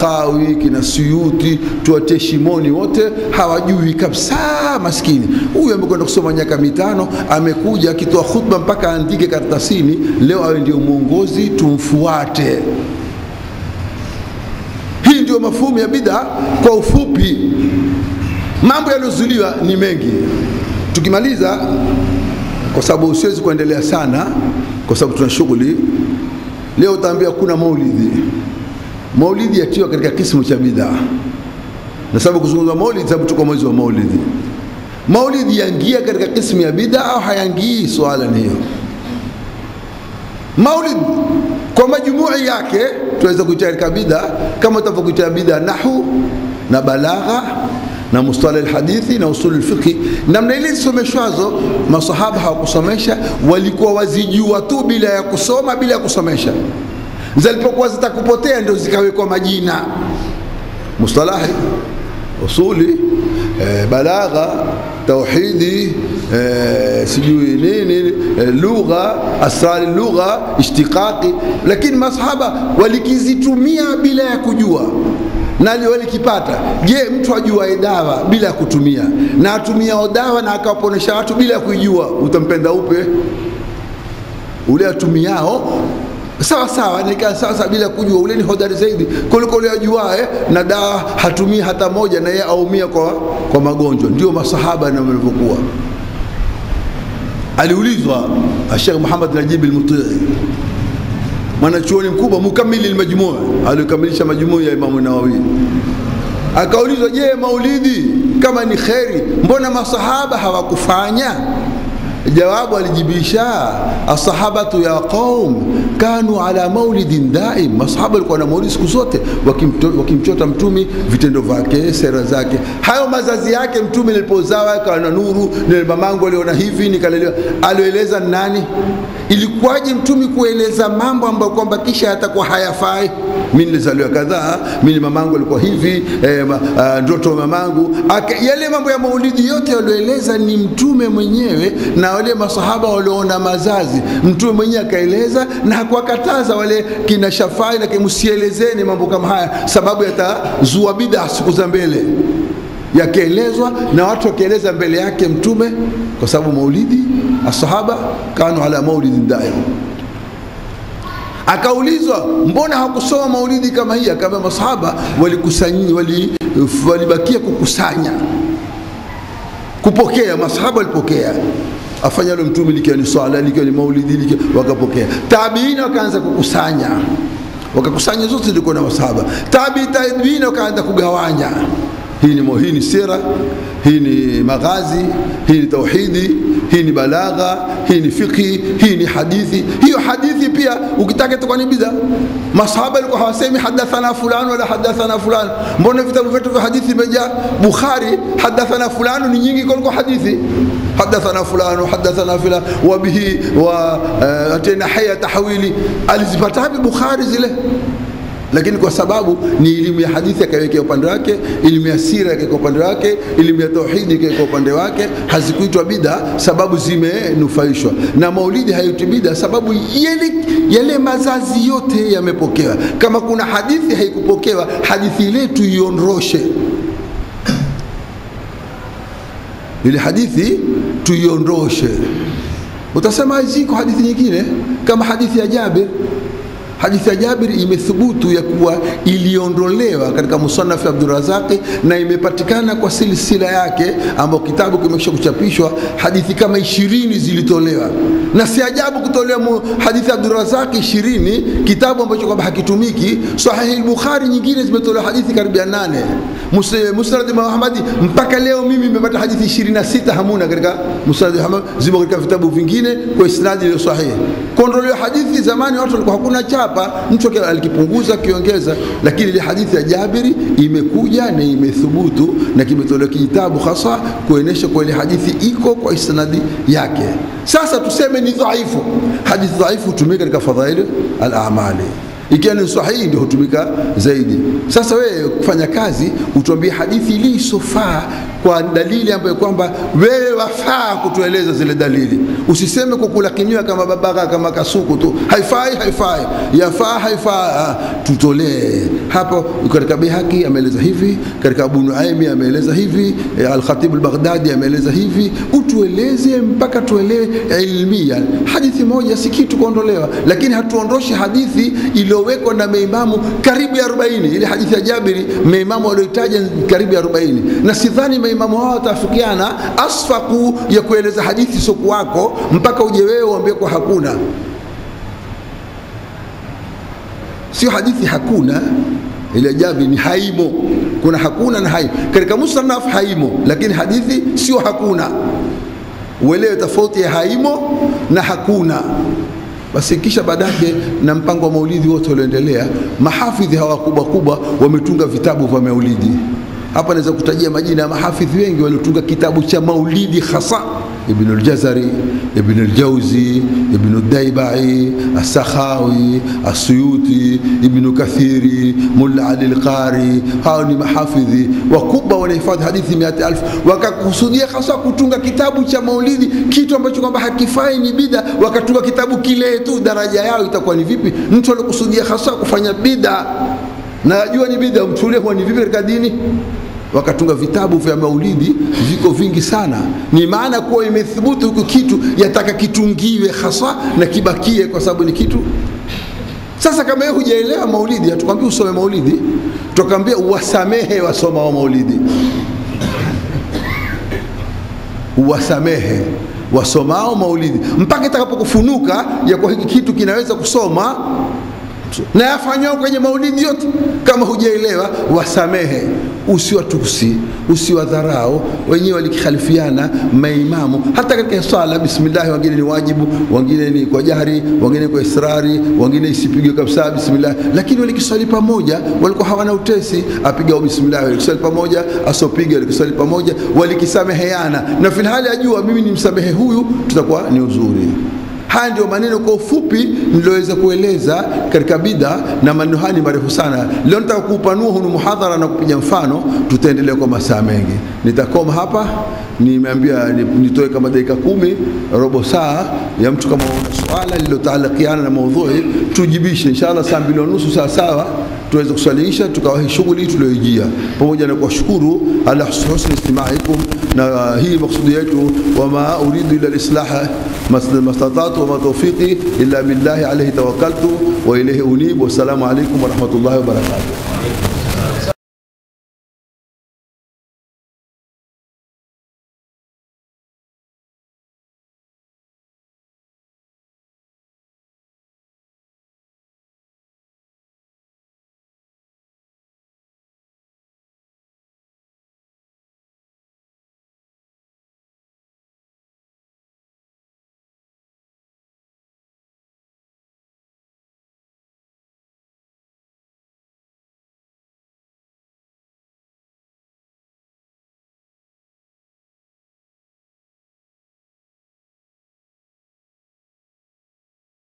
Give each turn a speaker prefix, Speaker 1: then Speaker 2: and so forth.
Speaker 1: kawi kina Suyuti tuwatie shimoni, wote hawajui kabisa. Maskini huyu amekwenda kusoma miaka mitano, amekuja akitoa khutba mpaka aandike kartasini, leo awe ndio mwongozi, tumfuate. Hii ndio mafumu ya bid'a kwa ufupi. Mambo yaliyozuliwa ni mengi. Tukimaliza, kwa sababu siwezi kuendelea sana, kwa sababu tuna shughuli leo, utaambia kuna maulidi Maulidi yatiwa katika kismu cha bidhaa, na sababu kuzungumza maulidi, sababu tuko mwezi wa maulidi. Maulidi yaingia katika kismu ya bidhaa au hayangii Swala ni hiyo. Maulid kwa majumui yake tunaweza kuita katika bidhaa, kama tunavyokuita bidhaa nahu na balagha na mustalah alhadithi na usul alfiqhi, namna ile zisomeshwazo. Masahaba hawakusomesha, walikuwa wazijua tu bila ya kusoma, bila ya kusomesha zilipokuwa zitakupotea ndio zikawekwa majina mustalahi usuli e, balagha tauhidi e, sijui nini e, lugha asrari lugha ishtiqaqi lakini masahaba walikizitumia bila ya kujua na walikipata je mtu ajuae dawa bila ya kutumia na atumiao dawa na akawaponesha watu bila ya kuijua utampenda upe ule atumiao sawa sawa, nikaa sawa sawa bila kujua, ule ni hodari zaidi kuliko ule ajuae, eh, na dawa hatumii hata moja, na yeye aumia kwa, kwa magonjwa. Ndio masahaba na walivyokuwa. Aliulizwa Sheikh Muhammad Najib al-Mutii, mwanachuoni mkubwa, mukamili al-majmuu, alikamilisha majmuu ya Imamu Nawawi, akaulizwa, je, maulidi kama ni kheri, mbona masahaba hawakufanya? jawabu alijibisha asahabatu ya qaum kanu ala maulidin daim, masahaba walikuwa na maulidi siku zote wakimchota mtumi vitendo vyake, sera zake, hayo mazazi yake. mtumi nilipozawa akawa na nuru, mamangu aliona hivi, nikalelewa. Alioeleza nani? Ilikuwaje mtumi kueleza mambo ambayo kwamba kisha yatakuwa hayafai? mimi nilizaliwa kadhaa, mimi mamangu alikuwa hivi e, ma, ah, ndoto mamangu Ake, yale mambo ya maulidi yote yalioeleza ni mtume mwenyewe na wale masahaba walioona mazazi, mtume mwenyewe akaeleza na hakuwakataza wale kina Shafai na kimsielezeni mambo kama haya, sababu yatazua bidha siku za mbele yakielezwa na watu wakieleza mbele yake mtume, kwa sababu maulidi asahaba kanu ala maulidi daima Akaulizwa, mbona hakusoma maulidi kama hii? Akaambia masahaba wali, walibakia kukusanya kupokea, masahaba walipokea afanyalo mtume likiwa ni swala likiwa ni maulidi likiwa, wakapokea. Tabiini wakaanza kukusanya, wakakusanya zote zilikuwa na masahaba. Tabiini wakaanza kugawanya hii ni, hii ni sira, hii ni maghazi, hii ni tauhidi, hii ni balagha, hii ni fiqhi, hii ni hadithi. Hiyo hadithi pia ukitaka itakuwa ni bid'a. Masahaba walikuwa hawasemi hadathana fulani wala hadathana fulani. Mbona vitabu vyetu vya hadithi imejaa? Bukhari, hadathana fulani ni nyingi kuliko hadithi hadathana fulani hadathana fulani wabihi wa uh, eh, tena haya tahwili alizipata Bukhari zile lakini kwa sababu ni elimu ya hadithi akaiwekea upande wake, elimu ya sira akaweka upande wake, elimu ya tauhidi ikaweka upande wake. Hazikuitwa bida sababu zimenufaishwa na maulidi, haitwi bida sababu yale, yale mazazi yote yamepokewa. Kama kuna hadithi haikupokewa, hadithi ile tuiondoshe, ile hadithi tuiondoshe. Utasema ziko hadithi nyingine kama hadithi ya Jabir Hadithi ya Jabiri imethubutu ya kuwa iliondolewa katika musannaf ya Abdurazaqi na imepatikana kwa silsila yake, ambayo kitabu kimekisha kuchapishwa. Hadithi kama ishirini zilitolewa, na si ajabu kutolewa hadithi ya Abdurazaqi ishirini, kitabu ambacho kwamba hakitumiki. Sahihi Bukhari nyingine zimetolewa hadithi karibia nane, Musnad Imam Ahmadi mpaka leo mimi nimepata hadithi 26 hamuna katika Musnad Ahmad, zimo katika vitabu vingine kwa isnadi iliyo sahihi kuondolewa hadithi. Zamani watu walikuwa hakuna chapa, mtu alikipunguza kiongeza lakini ile hadithi ya Jabiri imekuja na imethubutu na kimetolewa kitabu hasa kuonesha kwa ile hadithi iko kwa isnadi yake. Sasa tuseme ni dhaifu, hadithi dhaifu hutumika katika fadhaili al-amali ikiwa ni sahihi ndio hutumika zaidi. Sasa wewe kufanya kazi, utuambie hadithi ilisofaa kwa dalili ambayo kwamba wewe wafaa kutueleza zile dalili. Usiseme kukula kama babaka kama kasuku tu, haifai haifai, yafaa haifaa, tutolee hapo. Katika Bihaki ameeleza hivi, katika Abu Nuaimi ameeleza hivi, alkhatibu khatib ameeleza hivi, utueleze mpaka tuelewe ilmia. Hadithi moja si kitu kuondolewa, lakini hatuondoshi hadithi iliyowekwa na meimamu karibu ya arobaini, ile hadithi ya Jabiri, meimamu aliyoitaja karibu ya arobaini, na sidhani maimamu hao watafikiana asfaku ya kueleza hadithi wako mpaka uje wewe uambie kwa hakuna sio hadithi hakuna ile jabi ni haimo kuna hakuna na haimo katika musannaf haimo lakini hadithi sio hakuna uelewe tofauti ya haimo na hakuna basi kisha baadaye na mpango wa maulidi wote ulioendelea mahafidhi hawa kubwa kubwa wametunga vitabu vya maulidi hapa naweza kutajia majina ya mahafidhi wengi waliotunga kitabu cha maulidi hasa Ibn al-Jazari, Ibn al jawzi Ibn al-Daibai, As-Sakhawi, As-Suyuti, Ibn Kathiri, Mulla Ali al-Qari. Hao ni mahafidhi wakubwa wanahifadhi hadithi mia elfu, wakakusudia hasa kutunga kitabu cha maulidi, kitu ambacho kwamba hakifai ni bida, wakatunga kitabu kile tu. Daraja yao itakuwa ni vipi? Mtu alikusudia hasa kufanya bida na najua ni bidha mchukulie kuwa ni vipi katika dini. Wakatunga vitabu vya maulidi viko vingi sana, ni maana kuwa imethubutu huku kitu, yataka kitungiwe haswa na kibakie, kwa sababu ni kitu sasa kama wewe hujaelewa maulidi, atakwambia usome maulidi, tukaambia uwasamehe wasoma wa maulidi, uwasamehe wasomao maulidi mpaka itakapokufunuka ya kwa hiki kitu kinaweza kusoma na yafanywa kwenye maulidi yote. Kama hujaelewa, wasamehe, usiwatusi, usiwadharau. Wenyewe walikhalifiana maimamu hata katika swala. Bismillahi, wengine ni wajibu, wengine ni kwa jahri, wengine kwa israri, wengine isipigwe kabisa bismillah, lakini walikiswali pamoja, walikuwa hawana utesi. apiga bismillah, walikiswali pamoja, asopiga walikiswali pamoja, walikisameheana, na filhali ajua mimi nimsamehe huyu, tutakuwa ni uzuri. Haya ndio maneno kwa ufupi niloweza kueleza katika bida na maneno haya ni marefu sana. Leo nitaka kuupanua hunu muhadhara na kupiga mfano, tutaendelea kwa masaa mengi. Nitakoma hapa, nimeambia nitoe kama dakika kumi, robo saa ya mtu kama swala lililotalakiana na maudhui tujibishe, inshallah saa mbili na nusu sawasawa tuweze kusalihisha tukawahi shughuli tulioijia pamoja na kuwashukuru ala husni istimaikum, na uh, hii maksudi yetu, wama uridu illa lislaha mastatatu wama tawfiqi illa billahi alayhi tawakkaltu wa ilayhi unib. Wassalamu alaykum wa rahmatullahi wa barakatuh.